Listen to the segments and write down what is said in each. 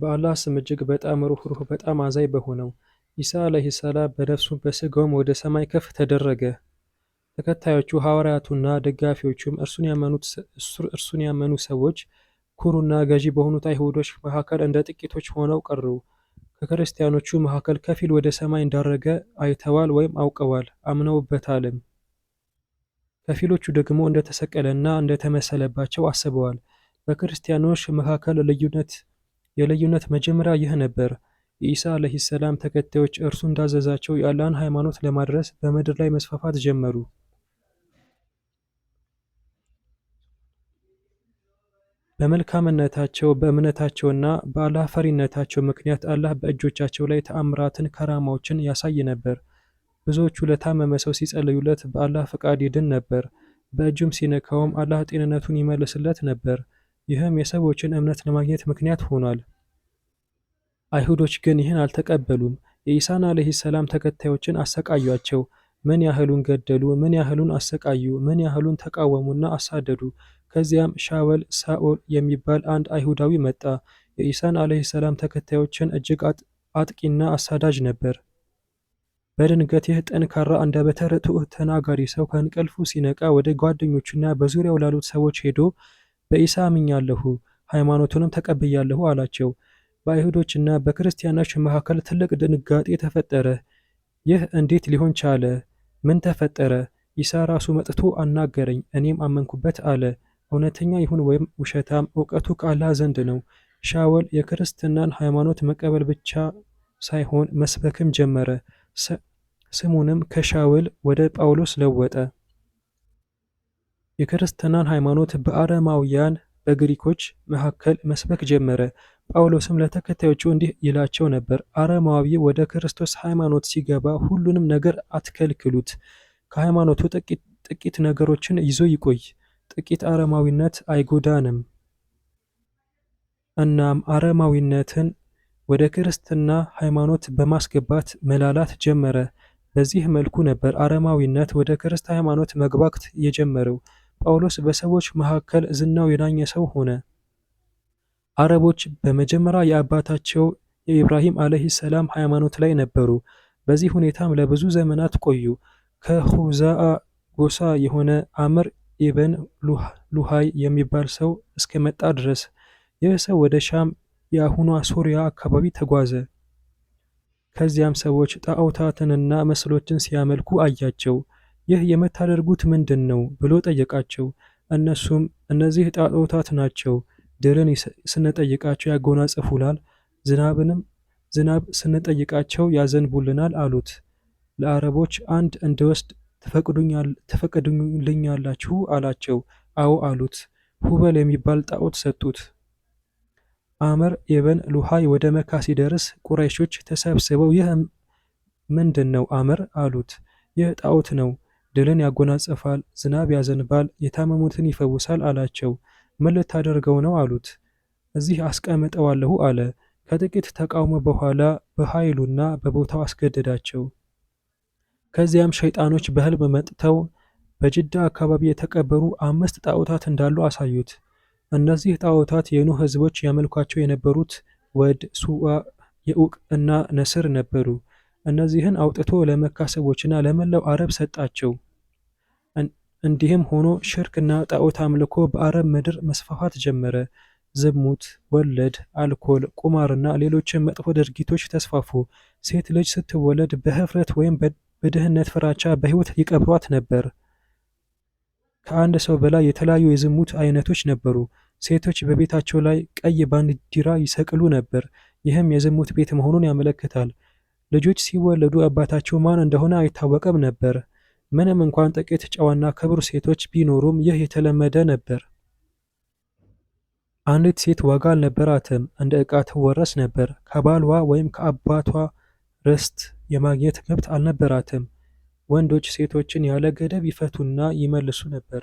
በአላህ ስም እጅግ በጣም ሩህሩህ በጣም አዛይ በሆነው ኢሳ ዓለይሂ ሰላም በነፍሱም በሥጋውም ወደ ሰማይ ከፍ ተደረገ። ተከታዮቹ ሐዋርያቱና ደጋፊዎቹም እርሱን ያመኑ ሰዎች ኩሩና ገዢ በሆኑት አይሁዶች መካከል እንደ ጥቂቶች ሆነው ቀሩ። ከክርስቲያኖቹ መካከል ከፊል ወደ ሰማይ እንዳረገ አይተዋል ወይም አውቀዋል አምነውበታልም። ከፊሎቹ ደግሞ እንደተሰቀለና እንደተመሰለባቸው አስበዋል። በክርስቲያኖች መካከል ልዩነት የልዩነት መጀመሪያ ይህ ነበር። የኢሳ አለህ ሰላም ተከታዮች እርሱ እንዳዘዛቸው የአላህን ሃይማኖት ለማድረስ በምድር ላይ መስፋፋት ጀመሩ። በመልካምነታቸው በእምነታቸውና በአላህ ፈሪነታቸው ምክንያት አላህ በእጆቻቸው ላይ ተአምራትን፣ ከራማዎችን ያሳይ ነበር። ብዙዎቹ ለታመመ ሰው ሲጸልዩለት በአላህ ፈቃድ ይድን ነበር። በእጁም ሲነካውም አላህ ጤንነቱን ይመልስለት ነበር። ይህም የሰዎችን እምነት ለማግኘት ምክንያት ሆኗል። አይሁዶች ግን ይህን አልተቀበሉም። የኢሳን አለህ ሰላም ተከታዮችን አሰቃዩቸው ምን ያህሉን ገደሉ፣ ምን ያህሉን አሰቃዩ፣ ምን ያህሉን ተቃወሙና አሳደዱ። ከዚያም ሻወል ሳኦል የሚባል አንድ አይሁዳዊ መጣ። የኢሳን አለህ ሰላም ተከታዮችን እጅግ አጥቂና አሳዳጅ ነበር። በድንገት ይህ ጠንካራ እንደ ርቱዕ ተናጋሪ ሰው ከእንቅልፉ ሲነቃ ወደ ጓደኞቹና በዙሪያው ላሉት ሰዎች ሄዶ በኢሳ አምኛለሁ ሃይማኖቱንም ተቀብያለሁ አላቸው። በአይሁዶችና በክርስቲያኖች መካከል ትልቅ ድንጋጤ ተፈጠረ። ይህ እንዴት ሊሆን ቻለ? ምን ተፈጠረ? ኢሳ ራሱ መጥቶ አናገረኝ፣ እኔም አመንኩበት አለ። እውነተኛ ይሁን ወይም ውሸታም እውቀቱ ከአላህ ዘንድ ነው። ሻወል የክርስትናን ሃይማኖት መቀበል ብቻ ሳይሆን መስበክም ጀመረ። ስሙንም ከሻውል ወደ ጳውሎስ ለወጠ። የክርስትናን ሃይማኖት በአረማውያን በግሪኮች መካከል መስበክ ጀመረ። ጳውሎስም ለተከታዮቹ እንዲህ ይላቸው ነበር፣ አረማዊ ወደ ክርስቶስ ሃይማኖት ሲገባ ሁሉንም ነገር አትከልክሉት። ከሃይማኖቱ ጥቂት ነገሮችን ይዞ ይቆይ፣ ጥቂት አረማዊነት አይጎዳንም። እናም አረማዊነትን ወደ ክርስትና ሃይማኖት በማስገባት መላላት ጀመረ። በዚህ መልኩ ነበር አረማዊነት ወደ ክርስት ሃይማኖት መግባት የጀመረው። ጳውሎስ በሰዎች መካከል ዝናው የዳኘ ሰው ሆነ። አረቦች በመጀመሪያ የአባታቸው የኢብራሂም አለህ ሰላም ሃይማኖት ላይ ነበሩ። በዚህ ሁኔታም ለብዙ ዘመናት ቆዩ። ከሁዛአ ጎሳ የሆነ አምር ኢብን ሉሃይ የሚባል ሰው እስከመጣ ድረስ ይህ ሰው ወደ ሻም የአሁኗ ሱሪያ አካባቢ ተጓዘ። ከዚያም ሰዎች ጣዖታትንና ምስሎችን ሲያመልኩ አያቸው። ይህ የምታደርጉት ምንድን ነው ብሎ ጠየቃቸው። እነሱም እነዚህ ጣዖታት ናቸው፣ ድልን ስንጠይቃቸው ያጎናጽፉላል፣ ዝናብንም ዝናብ ስንጠይቃቸው ያዘንቡልናል አሉት። ለአረቦች አንድ እንድወስድ ትፈቅዱልኛላችሁ አላቸው። አዎ አሉት። ሁበል የሚባል ጣዖት ሰጡት። አመር የበን ሉሃይ ወደ መካ ሲደርስ ቁረይሾች ተሰብስበው ይህ ምንድን ነው አመር አሉት። ይህ ጣዖት ነው ድልን ያጎናጽፋል፣ ዝናብ ያዘንባል፣ የታመሙትን ይፈውሳል አላቸው። ምን ልታደርገው ነው አሉት። እዚህ አስቀምጠዋለሁ አለ። ከጥቂት ተቃውሞ በኋላ በኃይሉና በቦታው አስገደዳቸው። ከዚያም ሸይጣኖች በሕልም መጥተው በጅዳ አካባቢ የተቀበሩ አምስት ጣዖታት እንዳሉ አሳዩት። እነዚህ ጣዖታት የኑህ ሕዝቦች ያመልኳቸው የነበሩት ወድ፣ ሱዋ፣ የኡቅ እና ነስር ነበሩ። እነዚህን አውጥቶ ለመካ ሰዎችና ለመላው አረብ ሰጣቸው። እንዲህም ሆኖ ሽርክና ጣዖት አምልኮ በአረብ ምድር መስፋፋት ጀመረ። ዝሙት፣ ወለድ፣ አልኮል፣ ቁማርና ሌሎችን መጥፎ ድርጊቶች ተስፋፉ። ሴት ልጅ ስትወለድ በህፍረት ወይም በድህነት ፍራቻ በህይወት ይቀብሯት ነበር። ከአንድ ሰው በላይ የተለያዩ የዝሙት አይነቶች ነበሩ። ሴቶች በቤታቸው ላይ ቀይ ባንዲራ ይሰቅሉ ነበር። ይህም የዝሙት ቤት መሆኑን ያመለክታል። ልጆች ሲወለዱ አባታቸው ማን እንደሆነ አይታወቅም ነበር። ምንም እንኳን ጥቂት ጨዋና ክቡር ሴቶች ቢኖሩም ይህ የተለመደ ነበር። አንዲት ሴት ዋጋ አልነበራትም፤ እንደ ዕቃ ትወረስ ነበር። ከባሏ ወይም ከአባቷ ርስት የማግኘት መብት አልነበራትም። ወንዶች ሴቶችን ያለ ገደብ ይፈቱና ይመልሱ ነበር።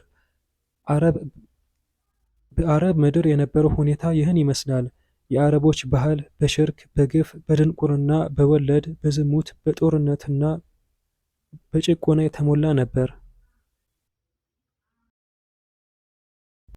በአረብ ምድር የነበረው ሁኔታ ይህን ይመስላል። የአረቦች ባህል በሽርክ፣ በግፍ፣ በድንቁርና፣ በወለድ፣ በዝሙት፣ በጦርነትና በጭቆና የተሞላ ነበር